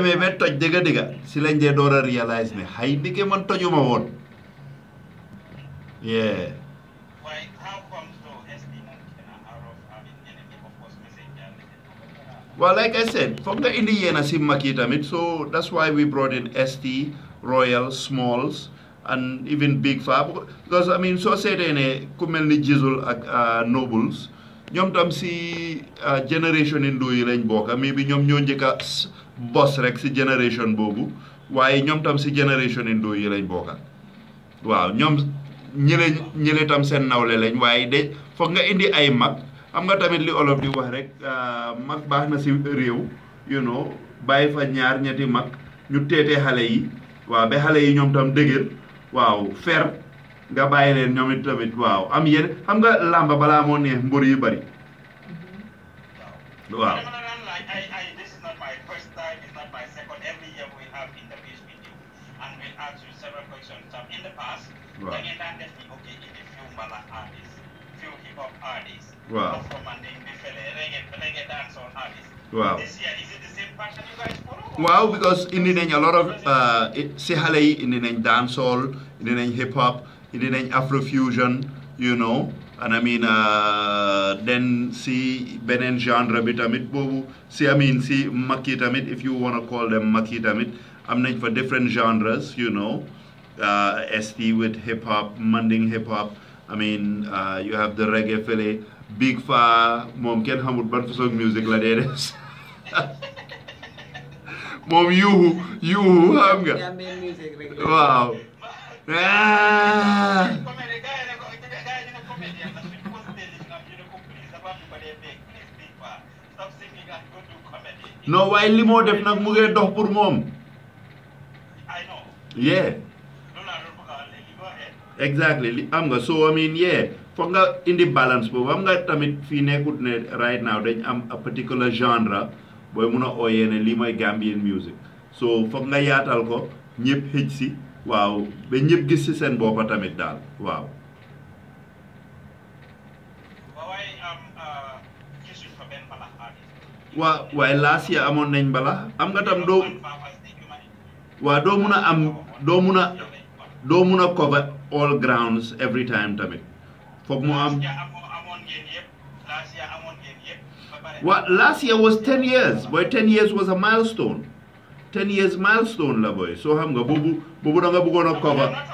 demee ba toj dëgga dëgga si lañ dee door a réalise ne xay man tojuma woon yeah Well, like I said, from the Indiana Simmaki Tamit, so that's why we brought in ST, Royal, Smalls, and even Big Fab. Because, I mean, so said in eh, a Kumelni Jizzle uh, uh, Nobles, ñom tam si uh, generation in Louis Rainbow, maybe ñom ñoo bos rek si génération boobu waaye ñoom tam si génération indo yi lañ bokkal waaw ñoom ñële ñële tam seen nawle lañ waaye de foog nga indi ay mag xam nga tamit li olof di wax rek ah, mag baax na si réew you know bàyyi fa ñaar ñetti mag ñu teetee xale yi waaw ba xale yi ñoom tam dëgër waaw fer nga bàyyi ñoom it tamit waaw am yéen xam nga làmba balaa moo neex mbër yu bari mm-hmm. waaw asked you several questions um, in the past. Right. Like that, okay, in the few Mala artists, few hip hop artists, wow. Wow. Wow, because in the name, a lot of uh, Sihale, in the name dancehall, in the name hip hop, in the name Afrofusion, you know. And I mean, uh, then see Benen genre bitamit, see I mean, see Makitamit, if you want to call them Makitamit. am nañ fa different genres you know uh, ST with hip hop Manding hip hop I mean uh, you have the reggae fele Big Faa moom kenn xamul ban façon music la dee des moom yuuxu yuuxu xam nga waaw ah. non waaye li moo def nag mu ngee dox pour moom yeah exactly li am nga so I mean yeah nga indi balance boobu am nga tamit fii nekkut ne right now dañ am a particular genre booy mun a ooyee ne lii mooy Gambian music so foog nga yaatal ko ñëpp xëj si waaw ba ñëpp gis ci seen boppa tamit daal waaw waa waaye last year amoon nañ bala am nga tam doo waa doo mun am doo mun a doo cover all grounds every time tamit foog mu am wa last year was ten years boy ten years was a milestone ten years milestone la boy So xam nga boobu boobu da nga bëggoon a cover